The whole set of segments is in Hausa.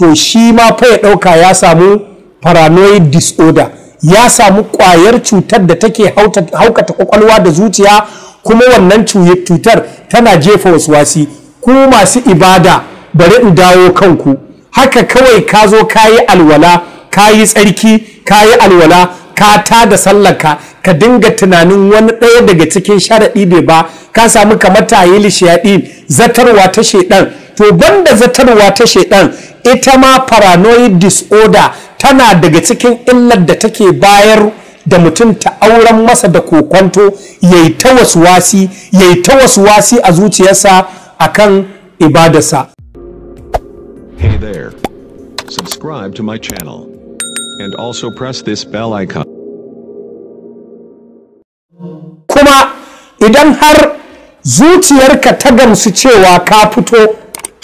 to shi ma fa ya ɗauka ya samu paranoid disorder ya samu kwayar cutar da take haukata kwakwalwa da zuciya kuma wannan cutar tana jefa wasu wasi ku masu ibada bari in dawo kanku haka kawai ka zo ka yi alwala ka yi tsarki ka yi alwala ka ta da sallaka ka dinga tunanin wani ɗaya daga cikin sharaɗi bai ba ka samu kamar tayi lishiyaɗi zatarwa ta shaiɗan to banda zatarwa ta shaidan ita ma paranoid disorder tana daga cikin illar da take bayar da mutum ta auren masa da kokwanto yayi ta waswasi yayi ta waswasi a zuciyarsa akan ibadarsa Hey there. Subscribe to my channel and also press this bell icon. Kuma idan har zuciyarka ta gamsu cewa ka fito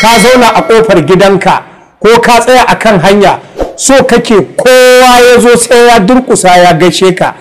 ka zauna a ƙofar gidanka ko ka tsaya a kan hanya so kake kowa ya zo sai ya durkusa ya gaishe ka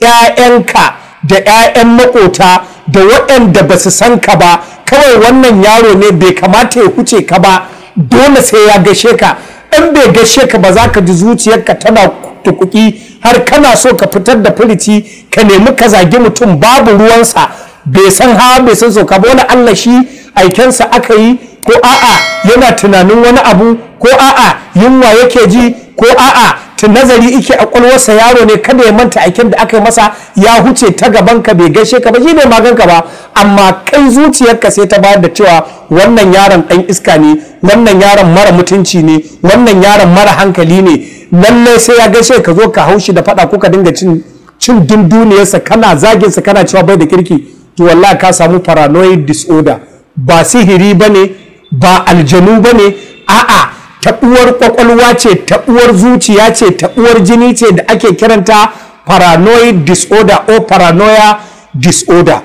'ya'yanka da 'ya'yan makota da waɗanda ba su san ka ba kawai wannan yaro ne bai kamata ya huce ka ba dole sai ya gaishe ka in bai gaishe ka ba za ka ji zuciyarka tana tukuki har kana so ka fitar da firici ka nemi ka zagi mutum babu ruwansa bai san hawa bai san so ba wani allah shi aikensa aka yi ko a'a yana tunanin wani abu ko a'a yunwa yake ji ko a'a ta nazari ike a kwalwarsa yaro ne kada ya manta aikin da aka yi masa ya huce ta gaban ka bai gaishe ka ba shi ne maganka ba amma kai zuciyarka sai ta bayar da cewa wannan yaron dan iska ne wannan yaron mara mutunci ne wannan yaron mara hankali ne lallai sai ya gaishe ka zo ka haushi da fada kuka dinga cin cin dunduniyarsa kana zaginsa kana cewa bai da kirki to wallahi ka samu paranoid disorder ba sihiri bane ba aljanu ba ne a'a taɓuwar kwakwalwa ce taɓuwar zuciya ce taɓuwar jini ce da ake kiranta paranoid disorder o paranoia disorder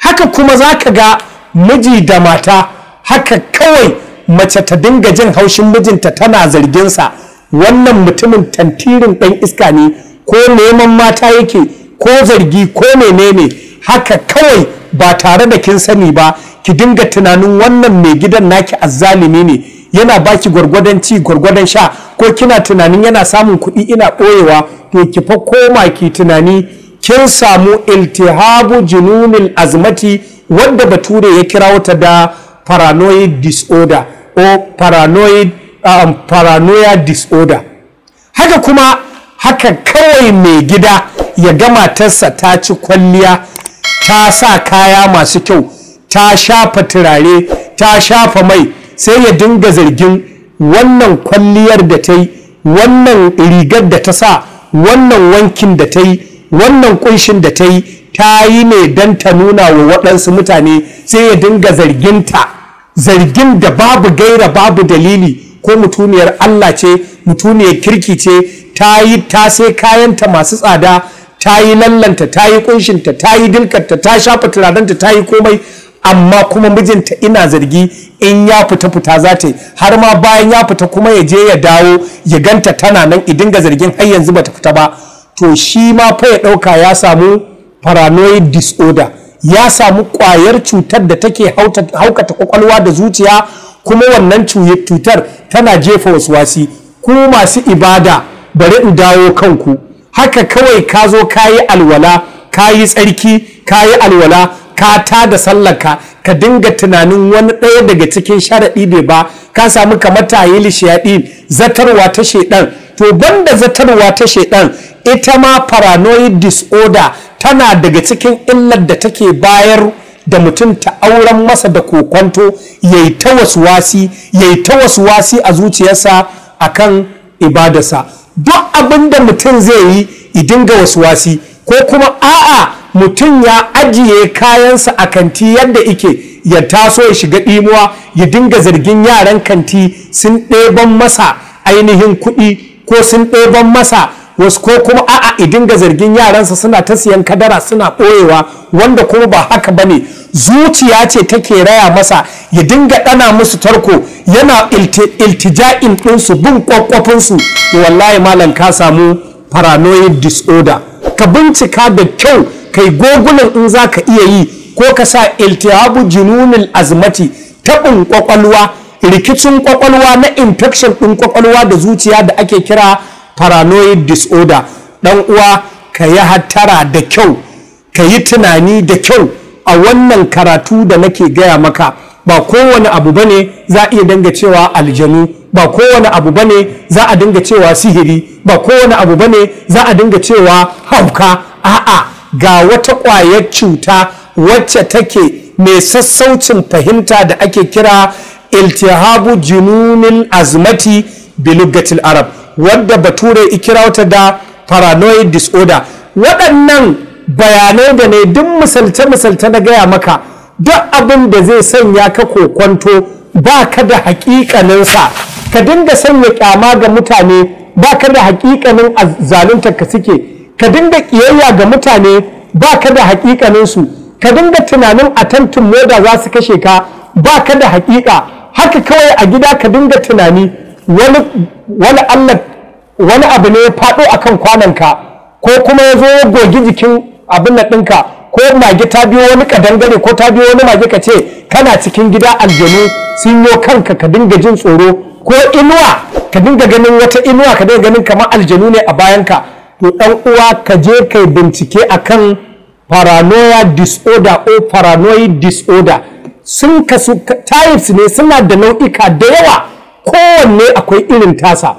haka kuma za ka ga miji da mata haka kawai mace ta dinga jin haushin mijinta tana zarginsa wannan mutumin tantirin ɗan iska ne ko neman mata yake ko zargi ko menene haka kawai ba tare da kin sani ba ki dinga tunanin wannan mai gidan naki azzalimi ne yana baki gwargwadon ci gwargwadon sha ko kina tunanin yana samun kuɗi ina ɓoyewa to ki fa koma ki tunani kin samu iltihabu jununil azmati wanda bature ya kira wata da paranoid disorder o paranoid um, paranoia disorder haka kuma haka kawai mai gida ya gama matarsa ta ci kwalliya ta sa kaya masu kyau ta shafa turare ta shafa mai sai ya dinga zargin wannan kwalliyar da ta yi wannan rigar da ta sa wannan wankin da ta yi wannan kunshin da ta yi ta yi ne don ta nuna wa waɗansu mutane sai ya dinga zarginta zargin da babu gaira babu dalili ko mutuniyar Allah ce mutuniyar kirki ce ta yi ta sai kayanta masu tsada ta yi lallanta ta yi kunshinta ta yi dilkarta ta shafa turadanta ta yi komai amma kuma mijinta ina zargi in ya fita fita za ta yi har ma bayan ya fita kuma ya je ya dawo ya ganta tana nan idin ga zargin har yanzu bata fita ba to shi ma fa ya ɗauka ya samu paranoid disorder ya samu kwayar cutar da take haukata kwakwalwa da zuciya kuma wannan cutar tana jefa wasu wasi ku masu ibada bari in dawo kanku haka kawai ka zo ka yi alwala ka yi tsarki ka yi alwala ka ta da sallaka ka dinga tunanin wani ɗaya daga cikin sharaɗi bai ba ka samu kamar yi lishiyaɗi zatarwa ta shaiɗan to banda zatarwa ta shaiɗan ita ma paranoid disorder tana daga cikin illar da take bayar da mutum ta auren masa da kokonto ya yi ta wasu wasi ya yi ta wasu wasi a zuciyarsa akan ibadarsa duk abin da mutum zai yi dinga wasu wasi ko kuma a'a mutum ya ajiye kayansa a kanti yadda ike ya taso ya shiga ɗimuwa ya dinga zargin yaran kanti sun ɗeban masa ainihin kuɗi ko sun ɗeban masa wasu ko kuma a'a idin ga zargin yaransa suna ta siyan kadara suna ɓoyewa wanda kuma ba haka bane zuciya ce take raya masa ya dinga ɗana musu tarko yana iltija'in ɗinsu bin ƙwaƙwafinsu. kwakwafinsu wallahi malam ka samu paranoid disorder ka bincika da kyau kai gogulan in za ka iya yi ko ka sa iltihabu jinunin azmati taɓin ƙwaƙwalwa, rikicin ƙwaƙwalwa na infection ɗin ƙwaƙwalwa da zuciya da ake kira paranoid disorder dan uwa ka yi hattara da kyau ka yi tunani da kyau a wannan karatu da nake gaya maka ba kowane abu bane za a iya danga cewa aljanu ba kowane abu bane za a dinga cewa sihiri ba kowane abu bane za a dinga cewa hauka a'a ga wata ƙwayar cuta wacce take mai sassaucin fahimta da ake kira iltihabu jununil azmati bilugatil arab wadda bature ikirauta da paranoid disorder waɗannan bayanai da ne duk misalta-misalta na gaya maka duk abin da zai sanya ka kokwanto ba ka da hakikaninsa ka dinga sanya kyama ga mutane ba ka da hakikanin zalunta ka suke ka dinga kiyayya ga mutane ba ka da hakikaninsu ka dinga tunanin atantin moda za su kashe ka ba ka da hakika haka kawai a gida ka dinga tunani wani abu ne ya faɗo akan kwananka ko kuma ya zo gogi jikin abin na ɗinka ko mage ta biyo wani kadangare ko ta biyo wani mage ka ce kana cikin gida aljanu sun yo kanka ka dinga jin tsoro ko inuwa ka dinga ganin wata inuwa ka dinga ganin kamar aljanu ne a bayanka to ɗan uwa ka je kai bincike akan paranoia disorder ko paranoid disorder sun kasu types ne suna da nau'ika da yawa kowanne akwai irin tasa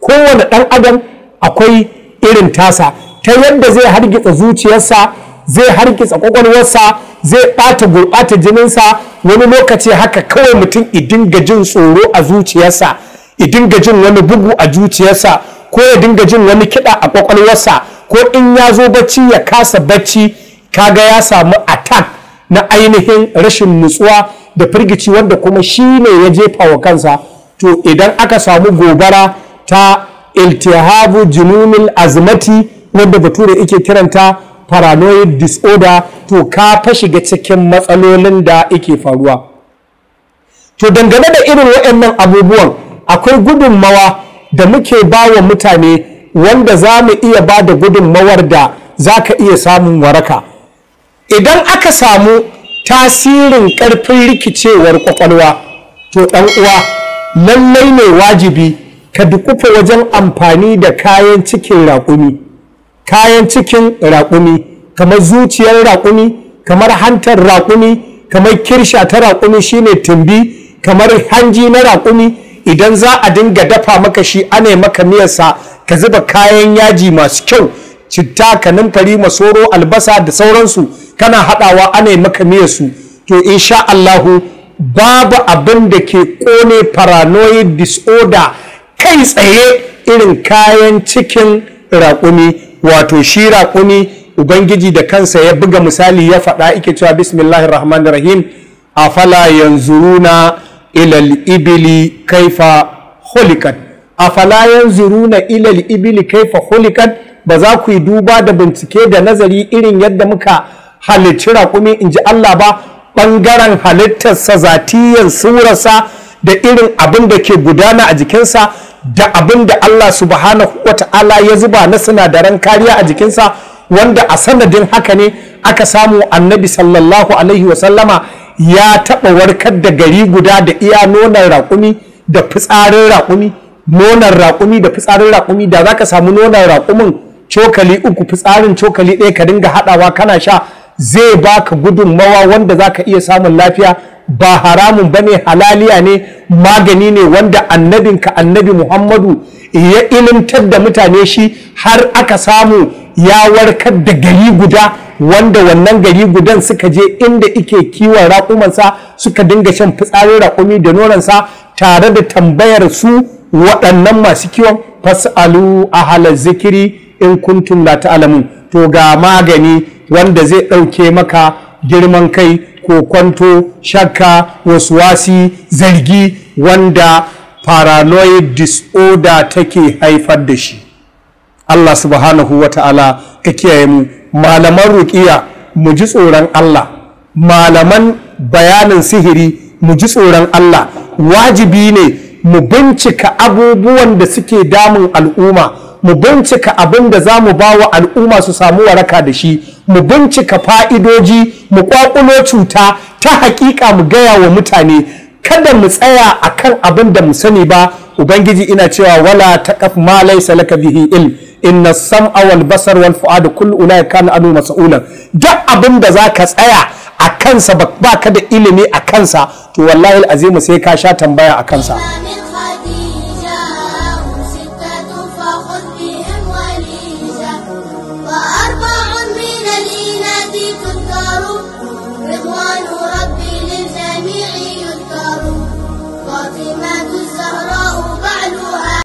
kowane ɗan adam akwai irin tasa ta yadda zai hargitsa zuciyarsa zai hargitsa kwakwalwarsa zai ɓata gurɓata jininsa wani lokaci haka kawai mutum idinga jin tsoro a zuciyarsa idinga jin wani bugu a zuciyarsa ko ya dinga jin wani kiɗa a kwakwalwarsa ko in ya zo bacci ya kasa bacci kaga ya samu attack na ainihin rashin nutsuwa da firgici wanda kuma shi ne ya jefa wa kansa to idan aka samu gobara ta iltihabu jinunin azmati wanda bature yake kiranta paranoid disorder to ka fa shiga cikin matsalolin da ike faruwa to dangane da irin waɗannan abubuwan akwai gudunmawa da muke ba wa mutane wanda za mu iya ba da gudunmawar da za ka iya samun waraka idan aka samu tasirin ƙarfin rikicewar ƙwaƙwalwa to ɗan uwa lallai ne wajibi ka dukufa wajen amfani da kayan cikin raƙumi kayan cikin raƙumi kamar zuciyar raƙumi kamar hantar raƙumi kamar kirsha ta raƙumi shine tumbi kamar hanji na raƙumi idan za a dinga dafa maka shi ana maka miyarsa ka zuba kayan yaji masu kyau citta kanumfari masoro albasa da sauransu kana haɗawa ana maka miyarsu to insha Allahu babu abin da ke kone paranoid disorder kai tsaye irin kayan cikin raƙumi wato shi raƙumi ubangiji da kansa ya buga misali ya faɗa ike cewa bismillahir rahmanir rahim afala yanzuruna ilal ibili kaifa hulikat afala yanzuruna ilal ibili kaifa hulikat ba za ku yi duba da bincike da nazari irin yadda muka halicci raƙumi in ji Allah ba ɓangaren halittarsa zatiyan surarsa da irin abin da ke gudana a jikinsa da abin da Allah subhanahu wata'ala ya zuba na sinadaran kariya a jikinsa wanda a sanadin haka ne aka samu annabi sallallahu alaihi wasallama ya taɓa warkar da gari guda da iya nonon raƙumi da fitsarin raƙumi nonon raƙumi da fitsarin raƙumi da za ka samu nonan raƙumin cokali uku fitsarin cokali ɗaya ka dinga haɗawa kana sha zai baka gudunmawa wanda zaka iya samun lafiya ba haramun ba bane halaliya ne magani ne wanda annabinka annabi Muhammadu ya ilimtar da mutane shi har aka samu ya warkar da gari guda wanda wannan gari gudan suka je inda ike kiwon raƙumansa suka dinga shan fitsarin raƙumi da noransa tare da tambayar su waɗannan masu kiwon fasalu a halar zikiri in kuntum la ta'lamun to ga magani wanda zai ɗauke maka girman kai ko kwanto shakka wasu wasi zargi wanda paranoid disorder take haifar da shi Allah subhanahu wa ta'ala ka kiyaye mu malaman ruƙiya mu ji tsoron Allah malaman bayanin sihiri mu ji tsoron Allah wajibi ne mu bincika abubuwan da suke damun al'umma mu bincika abin da za mu ba wa al'umma su samu waraka da shi mu bincika fa'idoji mu kwakulo cuta ta hakika mu gaya wa mutane kada mu tsaya a kan abin da mu sani ba ubangiji ina cewa wala ta taqaf ma laisa laka bihi ilm inna sam'a wal basar wal fu'ada kullu ulai kana anu mas'ula duk abin da zaka tsaya a kansa ba ka da ilimi a kansa to wallahi azimu sai ka sha tambaya a kansa